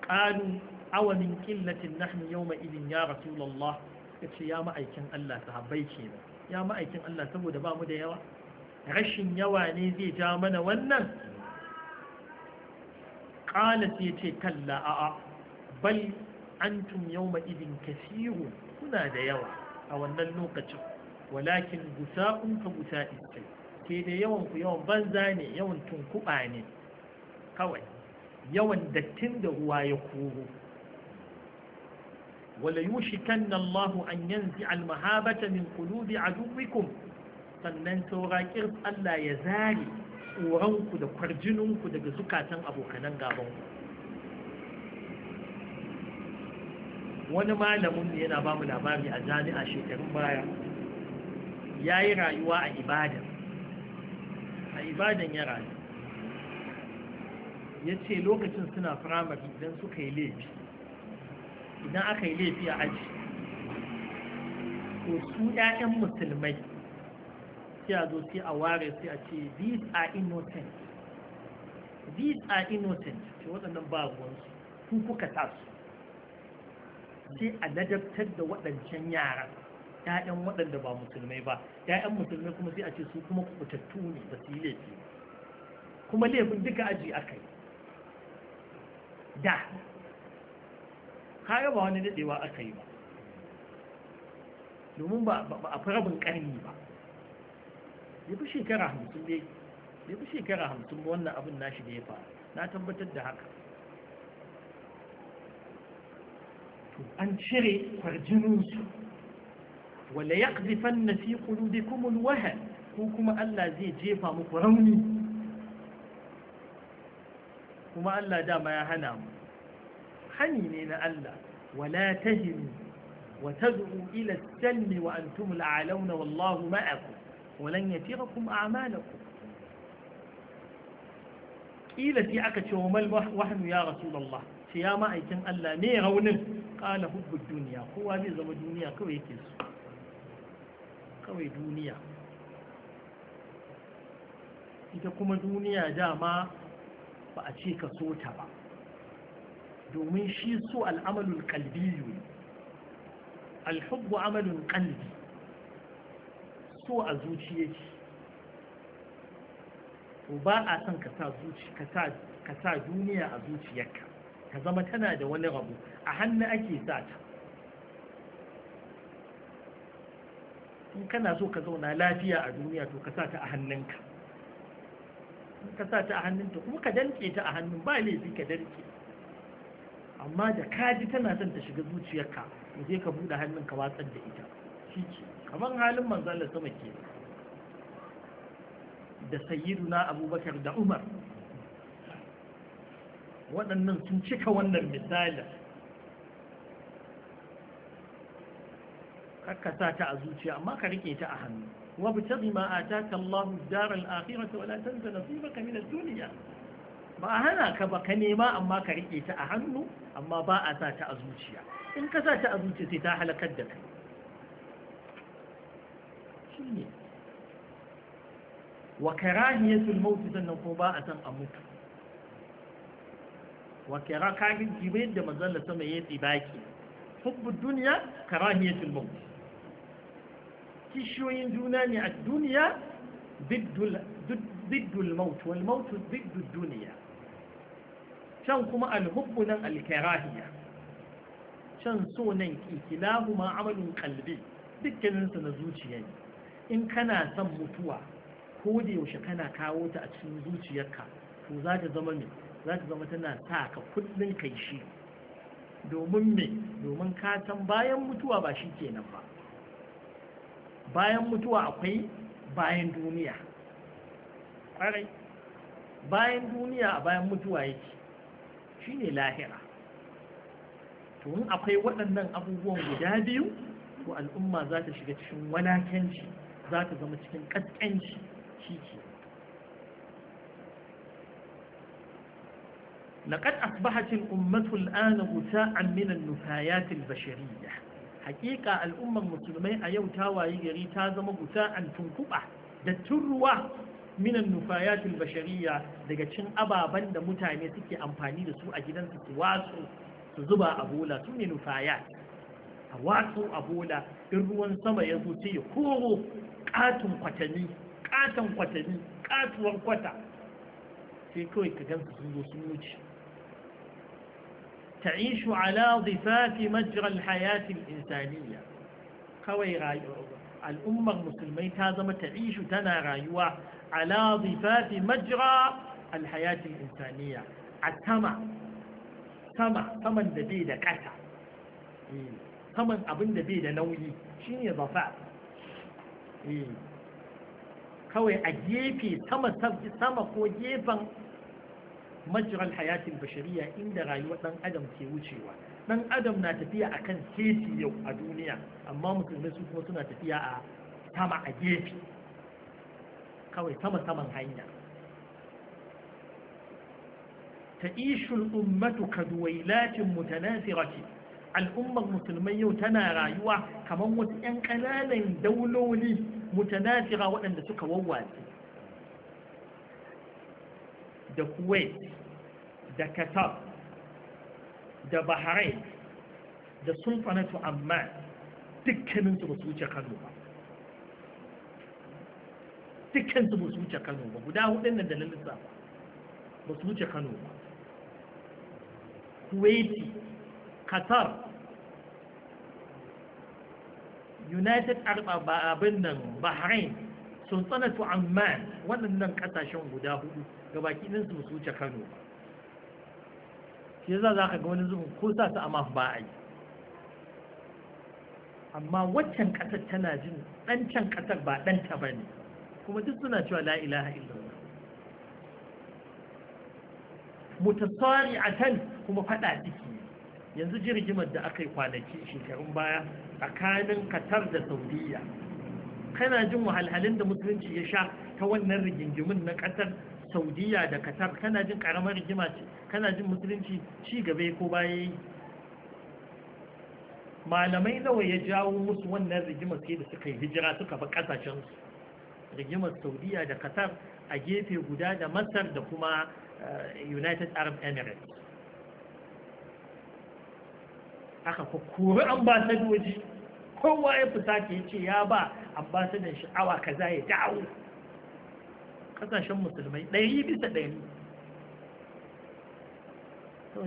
ƙalu awamin ƙillatin nahnu yau idin ya rasulallah ya ce ya ma'aikin Allah sahabbai kenan ya ma'aikin Allah saboda ba mu da yawa rashin yawa ne zai ja mana wannan ƙala sai ce kalla a'a bal tun yawma idin kasiru kuna da yawa a wannan lokacin walakin gusa'un ka gusa iskai ke da yawan ku yawan banza ne yawan tunkuɓa ne kawai yawan dattin da ruwa ya koro wala yushikanna Allahu an yanzi al mahabata min qulubi aduwikum sannan saura kirf Allah ya zare tsoronku da kwarjininku daga zukatan abokanan gabanku wani malamin ne yana ba mu labari a jami'a shekarun baya ya yi rayuwa a ibadan a ibadan ya rayu ya ce lokacin suna firamare idan suka yi laifi idan aka yi laifi a aji su 'ya'yan musulmai sai a zo sai a ware sai a ce these are innocent these are innocent ce waɗannan ba ruwansu ku kuka tasu sai a ladabtar da waɗancan yaran ‘ya'yan waɗanda ba musulmai ba ‘ya'yan musulmai kuma sai a ce su kuma kubutattu ne ba su yi laifi kuma laifin duka aji aka yi da kare ba wani daɗewa aka yi ba domin ba a fi rabin ƙarni ba ya fi shekara hamsin ne ya fi shekara hamsin wannan abin nashi da ya faru na tabbatar da haka to an cire kwarjininsu wala ya ƙazifan na fi ƙulubikumul wahal ko kuma Allah zai jefa muku rauni kuma Allah dama ya hana mu hani ne na Allah wala tahinu wa zuɓu ila salmi wa antum al'alawna wallahu ma'akum walan yatirakum a'malakum kila sai aka ce wa mal wahnu ya rasulullah ya ma'aikin Allah ne raunin qala hubbu duniya kowa zai zama duniya kawai yake so kawai duniya ita kuma duniya dama ba a ce ka so ta ba domin shi so al'amalul kalbiyu alhubbu amalin kalbi so a zuciya ce to ba a son ka sa ka sa duniya a zuciyarka ka zama tana da wani rabu a hannu ake sa ta in kana so ka zauna lafiya a duniya to ka sa ta a hannunka in ka sa ta a hannunta kuma ka danke ta a hannun ba laifi ka danke amma da kaji tana son ta shiga zuciyarka to sai ka buɗe hannunka watsar da ita shi ce kamar halin manzan da sama ke da sayyiduna abubakar da umar waɗannan sun cika wannan misalin ka sa ta a zuciya amma ka rike ta a hannu ta وابتغ ما آتاك الله الدار الآخرة ولا تنس نصيبك من duniya? ba a hana ka ba ka nema amma ka riƙe ta a hannu amma ba a sa ta a zuciya in ka sa ta a zuciya sai ta halakar da kai shine wa karahiyatul maut sannan ko ba a san a mutu wa kara kafi jibe yadda manzon sama ya tsibaki hubbu dunya karahiyatul maut kishiyoyin juna ne a duniya diddul maut wal maut diddul duniya can kuma alhubbu nan alkarahiya can so nan kilahuma amalin kalbi dukkaninsa na zuciya ne in kana son mutuwa ko da yaushe kana kawo ta a cikin zuciyarka to za ta zama me za ta zama tana sa ka kullun kai shi domin me domin ka san bayan mutuwa ba shi kenan ba bayan mutuwa akwai bayan duniya ƙwarai bayan duniya a bayan mutuwa yake ne lahira to in akwai waɗannan abubuwan guda biyu to al'umma za ta shiga cikin walakanci za ta zama cikin ƙasƙanci shi ke لقد أصبحت الأمة الآن غثاء من النفايات البشرية حقيقة الأمة المسلمين أيو تاوى يغري تازم غثاء تنكبة دتروة من النفايات البشرية دقشن أبا بند متعني سكي أمفاني لسوء جدا سواسو سزبا أبولا سوني نفايات واسو أبولا إروان سما يزوتي كورو katon kwatami katon kwatami katuwar kwata sai kawai ka gansu sun zo sun wuce تعيش على ضفاف مجرى الحياة insaniya kawai al'ummar musulmai ta zama ta'ishu tana rayuwa ala zifafi majra alhayatin insaniya a sama sama saman da bai da ƙasa eh, saman abin da bai da nauyi shine zafa Eh. kawai a gefe sama sama ko gefen majiral hayatin bashariya inda rayuwar dan adam ke wucewa dan adam na tafiya akan titi yau a duniya amma musulmai su kuma suna tafiya a sama a gefe kawai sama saman hanya ta ishul ummatu kaduwailatin mutanasirati al'ummar musulmai yau tana rayuwa kamar wasu 'yan kananan dauloli mutanafira waɗanda suka wawwace da kuwait da qatar da bahrain da sulfanatu amma dukkaninsu ba su wuce kano ba dukkansu ba su wuce kano ba guda hudun da na ba su wuce kano ba kuwaiti qatar united arba abin nan bahrain sultanatu amman waɗannan ƙasashen guda hudu ga baki ɗin su wuce kano ba shi yasa za ka ga wani zubin ko sa su amma ba a yi amma waccan ƙasar tana jin ɗancan ƙasar ba ɗanta ba ne kuma duk suna cewa la mutasari illallah can kuma faɗa ciki yanzu jirgimar da aka yi kwanaki shekarun baya a kanin katar da saudiya kana jin wahalhalin da musulunci ya sha ta wannan rigingimin na katar saudiya da katar kana jin karamar rigima ce kana jin musulunci ci gaba ko baya malamai nawa ya jawo musu wannan rigimar sai da suka yi hijira suka bi kasashensu rigimar saudiya da katar a gefe guda da masar da kuma eh, united arab emirates aka kukuri ambasadoji kowa ya fusata ta ce ya ba ambasadan sha'awa za ya dawo kasashen musulmai ɗari bisa ɗari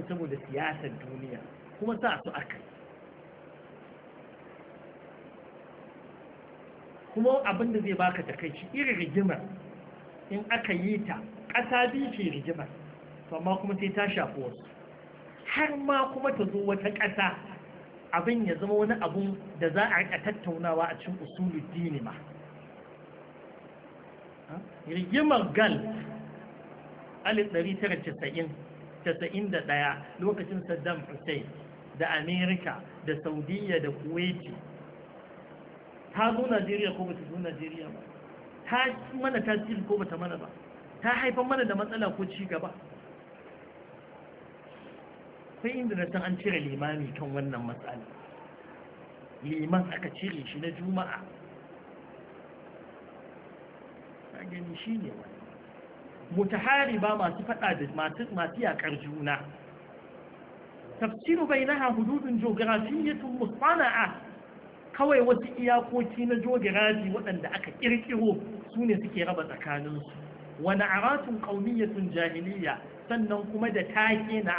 saboda siyasar duniya kuma sa su aka kuma abinda zai baka takaici irin rigimar in aka yi ta ƙasa biyu ce rigimar amma kuma sai ta shafi wasu har ma kuma ta zo wata ƙasa abin ya zama wani abu da za a rika tattaunawa a cikin usulul dini ma rigimar gal 1991 lokacin saddam hussein da amerika da saudiya da kuwaiti ta zo najeriya ko bata zo najeriya ba ta mana tasiri ko bata mana ba ta haifar mana da matsala ko ci gaba sai inda na san an cire limami kan wannan matsala liman aka cire shi na juma'a a gani shi ne wani ba masu fada da masu yakar juna tafsiru bai na hududun jogirafiyyatun musana'a kawai wasu iyakoki na jogirafi waɗanda aka ƙirƙiro su ne suke raba tsakaninsu wani aratun ƙauniyyatun jahiliya sannan kuma da take na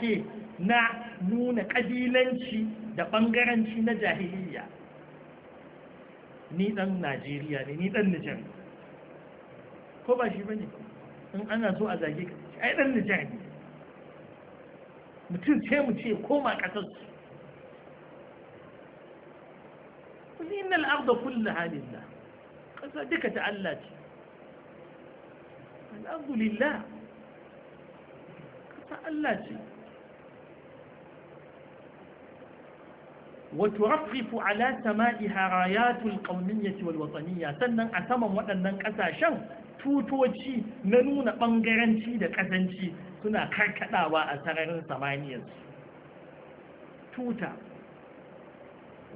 take na nuna ƙabilanci da ɓangaranci na jahiliya ni ɗan najeriya ne ni ɗan nijar ko ba shi ba ne in ana so a zage ka ai ɗan nijar ne mutum ce mu ce koma ƙasar ƙasarsu kulli innal arda kullaha lillah ƙasa duka ta Allah ce Al'adu lillah Allah ce wato rafifu ala sama'iha rayatul qaumiyya wal sannan a saman waɗannan ƙasashen tutoci na nuna ɓangaranci da ƙasanci suna karkaɗawa a sararin samaniyarsu tuta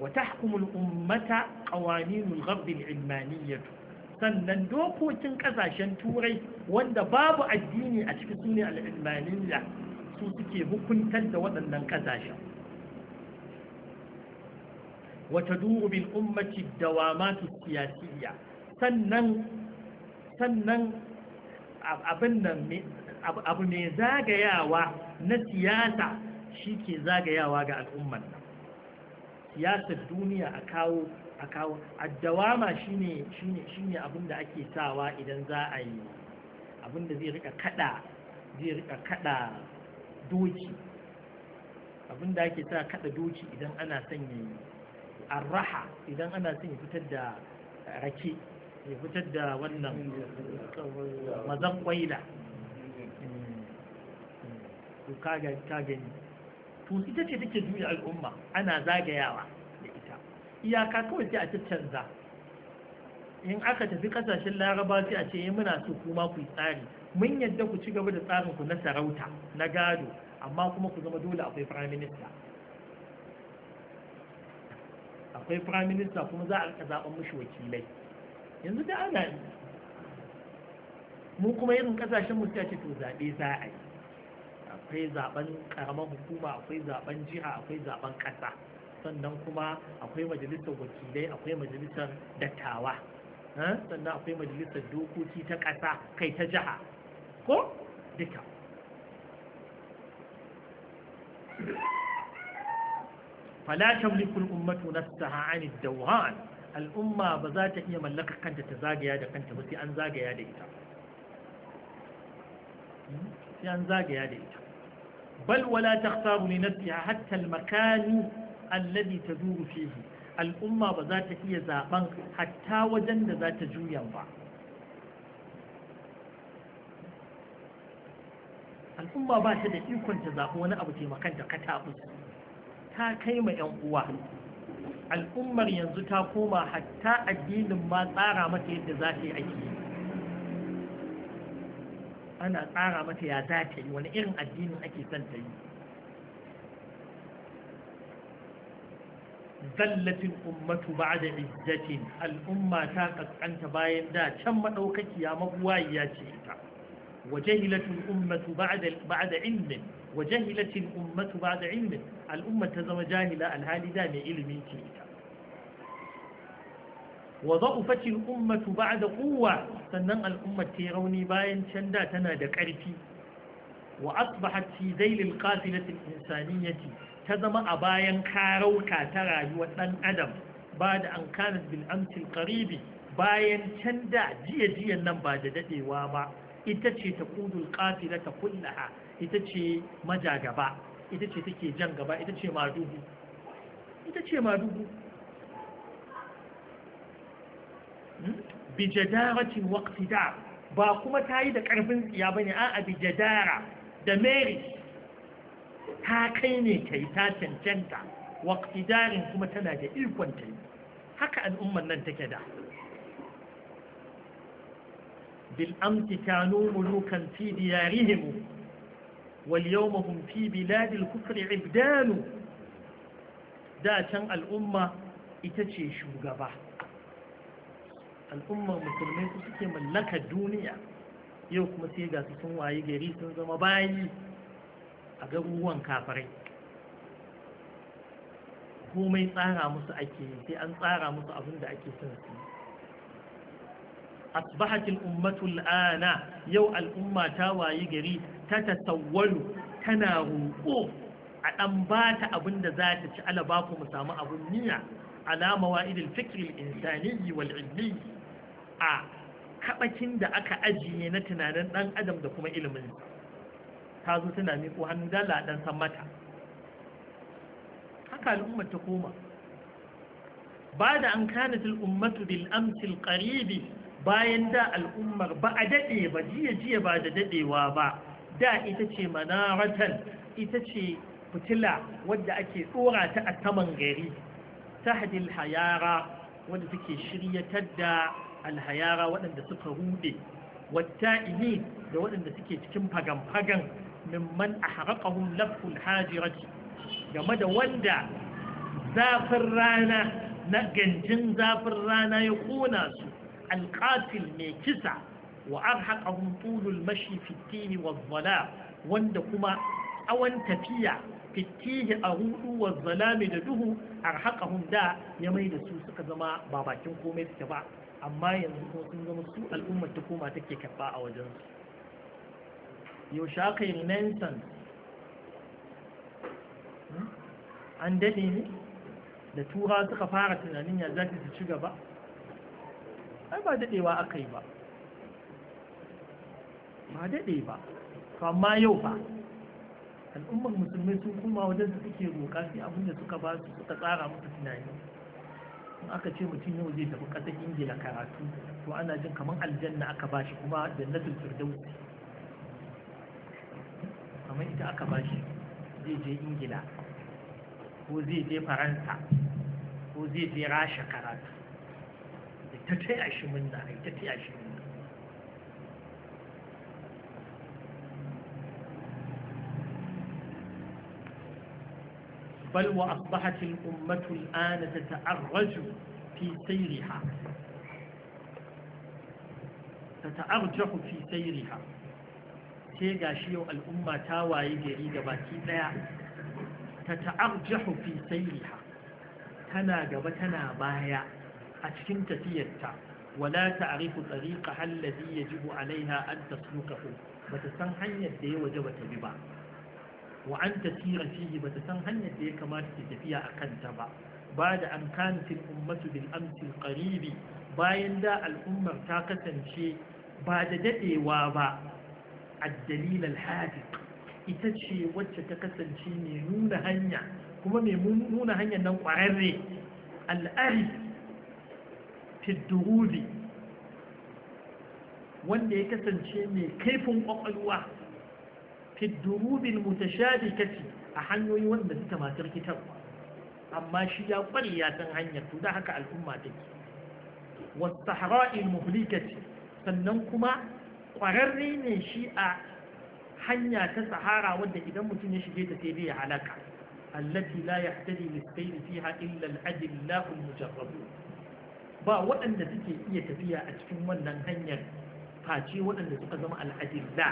وتحكم ummata قوانين الغرب العلمانية sannan dokokin ƙasashen turai wanda babu addini a cikin sune al'ilmaniya su suke hukuntar da waɗannan ƙasashen wata duru bil ummati dawamatu siyasiyya sannan sannan abu mai zagayawa na siyasa shi ke zagayawa ga al'umman nan siyasar duniya a kawo a kawo addawama shine shine abin da ake sawa idan za a yi abin da zai rika kada zai rika kada doki abin da ake sa kada doki idan ana son arraha idan ana son ya fitar da rake ya fitar da wannan mazan kwaila hmm. to ka gani to ita ce take juya al'umma ana zagayawa da ita iyaka kawai sai a canza in aka tafi kasashen laraba sai a ce yi eh, muna so kuma ku yi tsari mun yadda ku ci gaba da tsarin ku na sarauta na gado amma kuma ku zama dole akwai prime minister akwai prime minister kuma za a rika zaɓen mushi wakilai yanzu da ana yi mu kuma irin kasashen mu ce to zaɓe za a yi akwai zaɓen karamar hukuma akwai zaɓen jiha akwai zaɓen ƙasa sannan kuma akwai majalisar wakilai akwai majalisar dattawa eh? sannan akwai majalisar dokoki ta ƙasa kai ta jiha ko duka fala tamlikul ummatu nafsaha an ad-dawran al'umma ba za ta iya mallaka kanta ta zagaya da kanta ba sai an zagaya da ita hmm? sai an zagaya da ita bal wala takhtaru na nafsiha hattar al-makan ta taduru fihi al'umma ba za ta iya zaben hatta wajen da za ta juya ba al'umma ba ta da ikon ta zaɓi wani abu taimakanta ka taɓu ta kai ma 'yan uwa al'ummar yanzu ta koma hatta addinin ma tsara mata yadda za ta yi aiki ana tsara mata ya za ta yi wani irin addinin ake son ta yi zallatin ummatu ba da izzatin al'umma ta kaskanta bayan da can maɗaukakiya ya ce ita وجهلت الأمة بعد بعد علم وجهلت الأمة بعد علم الأمة تزم جاهلة الهالي دامي علمي كيتا وضعفت الأمة بعد قوة سنن الأمة تيروني باين شندا تنادى كارفي وأصبحت في ذيل القافلة الإنسانية تزم أباين كاروكا ترى يوتن أدم بعد أن كانت بالأمس القريب باين شندا جي جي النمبا ددئي وابا ita ce ta kudul kafila ta kullaha ita ce gaba. ita ce take jan gaba ita ce madubu ita ce madubu hmm? bijadaratin waqtida ba kuma ta yi da karfin tsiya ba ne a bijadara da mary ta kai ne ta yi ta cancanta waqtidarin kuma tana da ikon ta yi haka al'ummar nan take da بالأمس كانوا ملوكا في ديارهم واليوم هم في بلاد الكفر عبدان داشن الأمة إتشي شوغبا الأمة المسلمين تسكي ملك الدنيا yau kuma sai gasu su sun waye gari sun zama bayi a garuruwan kafirai komai tsara musu ake yi sai an tsara musu abin da ake son su asbahatil ummatul ana yau al'umma ta wayi gari ta tasawwalu tana roƙo a ɗan ba ta abin da za ta ci alaba ku mu samu abin niyya alama wa idil fikri insani wal ilmi a kabakin da aka ajiye na tunanin ɗan adam da kuma ilimin ta zo tana miƙo hannu dala ɗan san mata haka al'ummar ta koma ba da an kanatil ummatu bil amsil qaribi bayan da al'ummar ba a daɗe ba jiya jiya ba da daɗewa ba da ita ce manaratan ita ce fitila wadda ake tsora ta a saman gari ta hadil hayara wadda take shiryatar da alhayara waɗanda suka rude wata ini da waɗanda suke cikin fagan-fagan mimman a haraƙahun lafkul hajirati game da wanda zafin rana na ganjin zafin rana ya ƙona su alƙatil mai kisa wa arhaqahum tulul mashi fitini wa zala wanda kuma tsawon tafiya fitini a hudu wa da duhu arhaqahum da ya mai da su suka zama ba bakin komai suke ba amma yanzu kuma sun zama su al'ummar ta koma take karɓa a wajen su yaushe aka yi renaissance hmm? an daɗe ne da tura suka fara tunanin ya za su ci gaba ai ba daɗewa aka yi ba ba daɗe ba to amma yau ba al'ummar musulmai sun kuma wajen su suke roƙa sai abin da suka ba su suka tsara musu tunani in aka ce mutum yau zai tafi ƙasar ingila karatu to ana jin kamar aljanna aka ba shi kuma jannatul firdaus kamar ita aka ba shi zai je ingila ko zai je faransa ko zai je rasha karatu ta taya shi munna ai ta taya shi asbahatin بل وأصبحت الأمة الآن fi في سيرها تتأرجح في سيرها sai ga shi yau al'umma ta waye gari gabaki daya ta ta'arjahu fi sayriha tana gaba tana baya a cikin tafiyarta wala ta'rifu tariqa allazi yajibu alaiha an taslukahu bata san hanyar da ya waje bata bi ba wa an tasira fihi bata san hanyar da ya kamata ta tafiya a kanta ba ba da an ummatu bil amsi qaribi bayan da al'ummar ta kasance ba da dadewa ba ad-dalil al-hadiq ita ce wacce ta kasance mai nuna hanya kuma mai nuna hanyar nan kwararre al'arif الدروز wanda ya kasance mai kaifin kwakwalwa fiddurubin mutashabikati a hanyoyi wanda suka masu rikitarwa amma shi ya kware ya san hanyar to da haka al'umma take wasahra'il muhlikati sannan kuma kwararre ne shi a hanya ta sahara wanda idan mutum ya shige ta sai dai ya halaka allati la yahtadi lis-sayri fiha illa al-adillahu al-mujarrabun ba waɗanda suke iya tafiya a cikin wannan hanyar face waɗanda suka zama al'adilla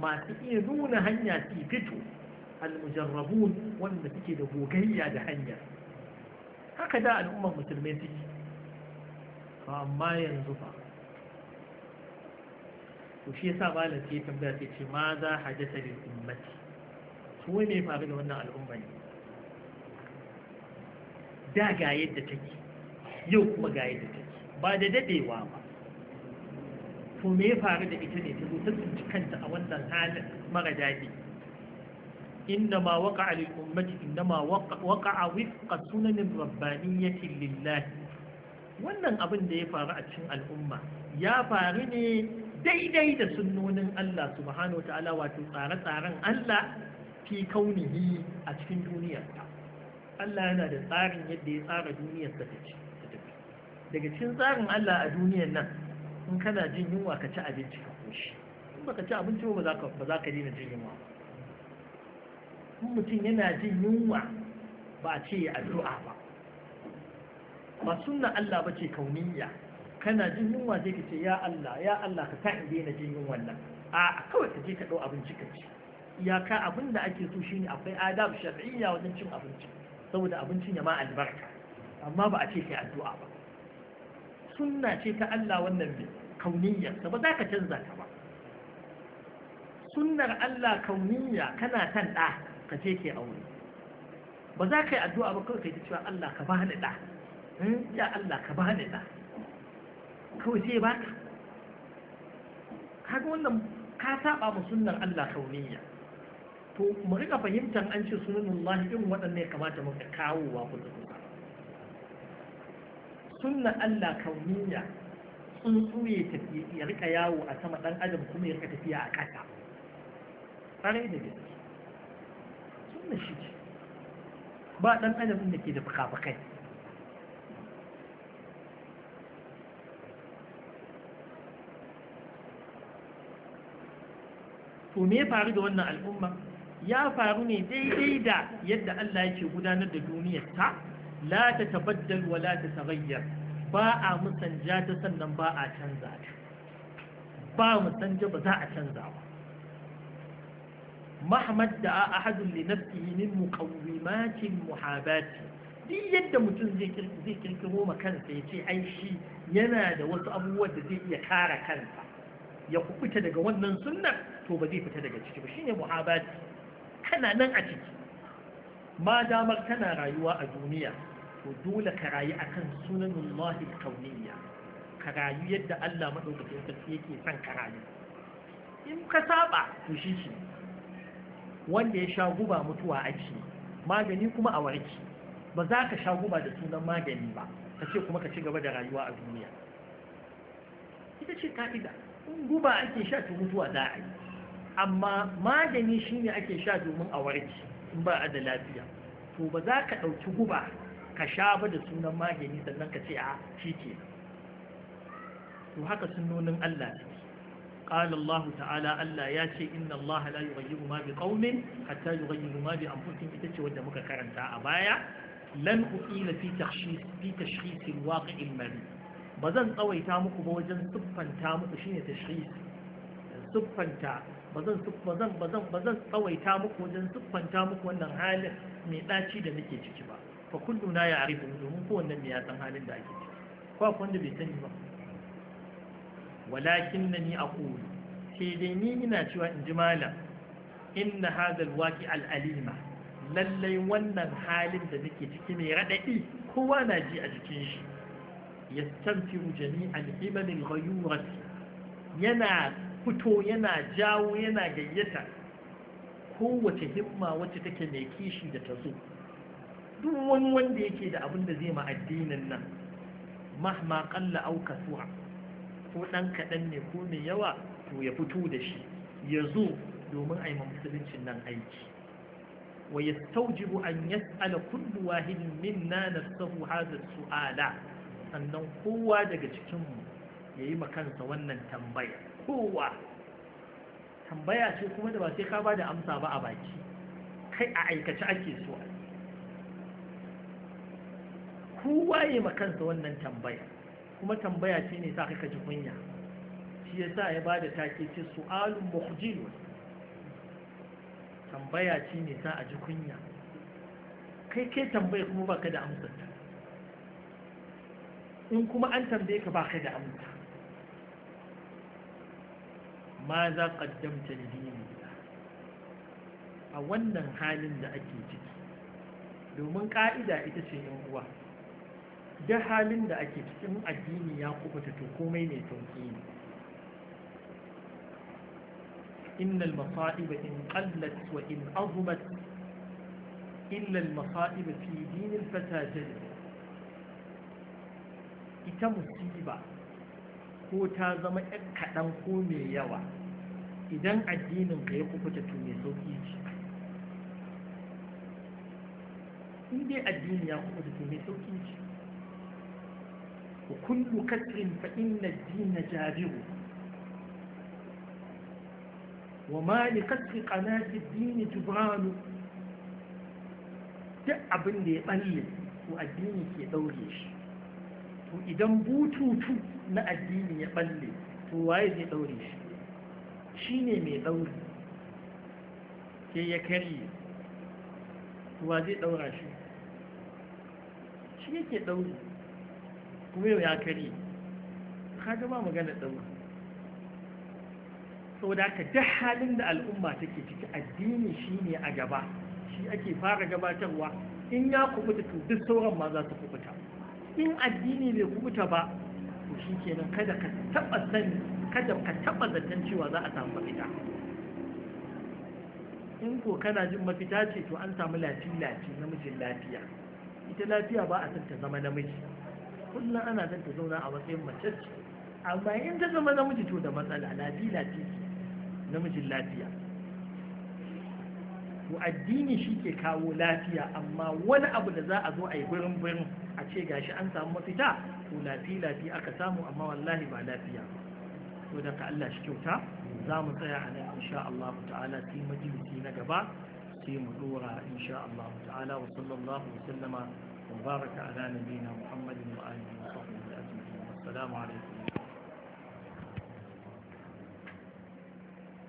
masu iya nuna hanya su fito almujarrabun wanda suke da gogayya da hanya haka da al'ummar musulmai suke ba amma yanzu ba to shi yasa malam sai tambaya sai ce ma za hadata lil ummati Su ne faru da wannan al'umma ne da ga yadda take yau kuma ga ba da dadewa ba to me ya faru da ita ne ta zo ta tsinci kanta a wannan halin mara daɗi inda ma waka a al'ummati inda ma waka a wifka sunanin rabbaniyyatin lillahi wannan abin da ya faru a cikin al'umma ya faru ne daidai da sunnonin Allah subhanahu ta'ala wato tsare-tsaren Allah fi kaunihi a cikin duniyarta Allah yana da tsarin yadda ya tsara duniyar ta ce daga cikin tsarin Allah a duniyar nan in kana jin yunwa ka ci abinci ka koshi in baka ci abinci ba ba za ka daina jin yunwa in mutum yana jin yunwa ba a ce addu'a ba ba sunna Allah ba ce kauniyya kana jin yunwa sai ka ce ya Allah ya Allah ka sa in daina jin yunwa nan a kawai ka je ka ɗau abinci ka ci iyaka abin da ake so shine akwai adab shar'iyya wajen cin abinci saboda abincin ya ma albarka amma ba a ce kai addu'a ba sunna ce ta Allah wannan bi kauniyya ba za ka canza ta ba sunnar Allah kauniyya kana san ɗa ka ce ke aure ba za ka yi addu'a ba kawai ka yi cewa Allah ka bani ɗa hmm? ya Allah ka bani ɗa kawai sai ba ka kaga wannan ka saba mu sunnar Allah kauniyya to mu rika fahimtar an ce sunan Allah irin waɗannan ya kamata mu kawowa ba. sunna Allah kauniya tsuntsu ya tafi ya rika yawo a sama dan adam kuma ya rika tafiya a ƙasa ƙarai da gaske sunna shi ce ba dan adam da ke da fuka-fukai to me ya faru da wannan al'umma ya faru ne daidai da yadda Allah yake gudanar da duniyar ta la ta tabaddal wa la ta tagayyar ba a musanja ta sannan ba a canza ta ba musanja ba za a canza ba mahmad da ahadun li nafsihi min muqawwimatin muhabati duk yadda mutum zai kirkiro ma kansa ya ce ai shi yana da wasu abubuwan da zai iya kara kansa ya kubuta daga wannan sunnar to ba zai fita daga ciki ba shine muhabati kana nan a ciki ma damar tana rayuwa a duniya to dole ka rayu akan sunanullahi kauniyya ka rayu yadda Allah madaukakin sarki yake son ka rayu in ka saba to shi shi wanda ya sha guba mutuwa ake magani kuma a warki ba za ka sha guba da sunan magani ba ka ce kuma ka ci gaba da rayuwa a duniya ita ce ka'ida in guba ake sha to mutuwa za a yi amma magani shine ake sha domin a warki in ba a da lafiya to ba za ka ɗauki guba ka ba da sunan magani sannan ka ce a shi ke to haka sunonin Allah ne قال الله تعالى الا يا شيء ان الله لا يغير ما بقوم حتى يغيروا ما بانفسهم ايتace wanda muka karanta a baya lan uqila fi takhsis fi tashkhis alwaqi' almari bazan tsawaita muku ba wajen siffanta muku wannan halin mai daci da nake ciki ba fa kullu na ya arifu domin kowannen ne ya san halin da ake ciki ba wanda bai sani ba walakin na ni a kulu sai dai ni ina cewa in ji malam inna hadal waki al'alima lallai wannan halin da nake ciki mai raɗaɗi kowa na ji a jikin shi ya tamfiru jami'an imanin rayuwarsu yana fito yana jawo yana gayyata kowace himma wacce take mai kishi da ta zo duk wani wanda yake da abin da zai ma addinin nan mahma qalla aw ko dan kaɗan ne ko mai yawa to ya fito da shi ya zo domin a yi musuluncin nan aiki wa yastawjibu an yas'ala kullu wahidin minna nafsahu hadha su'ala sannan kowa daga cikin mu yayi makansa wannan tambaya kowa tambaya ce kuma da ba sai ka ba da amsa ba a baki kai a aikace ake so a waye ma kansa wannan tambaya kuma tambaya ce ne sa ka ji kunya shi ya sa ya bada take ce su'alun mukhjilun tambaya ce ne sa a ji kunya kai kai tambaya kuma baka da amsar in kuma an tambaye ka baka da amsa ma za qaddamta lidini a wannan halin da ake ciki domin ka'ida ita ce yan uwa da halin da ake cikin addini ya kubuta to komai mai sauƙi ne innal masa'ib in qallat wa in azumat illa al masa'ib fi din al fata ita musiba ko ta zama ƴan kaɗan ko mai yawa idan addinin ka ya kubuta to mai sauƙi ce in dai addini ya kubuta to mai sauƙi ce وكل كسر فإن الدين جابر وما لكسر قناة الدين جبران abin da ya balle to addini ke daure shi to idan bututu na addini ya balle to waye zai daure shi shine mai daure ya to daura shi shi yake daure kuma yau ya kare kaga ba magana ɗaura sau da aka duk halin da al'umma take ciki addini shi ne a gaba shi ake fara gabatarwa in ya kubuta to duk sauran ma za su kubuta in addini bai kubuta ba to shi kenan kada ka taba sani kada ka taɓa zaton cewa za a samu mafita in ko kana jin mafita ce to an samu lafi-lafi namijin lafiya ita lafiya ba a san ta zama namiji kullum ana nan ta zauna a matsayin mace ce amma in ta zama namiji to da matsala lafiya ce namijin lafiya to addini shi ke kawo lafiya amma wani abu da za a zo a yi birin birin a ce gashi an samu mafita to lafiya lafiya aka samu amma wallahi ba lafiya to ka Allah shi kyauta za mu tsaya a nan insha Allah ta'ala sai majalisi na gaba sai mu dora insha Allah ta'ala wa sallallahu wa sallama وبارك على نبينا محمد وآله وصحبه أجمعين والسلام عليكم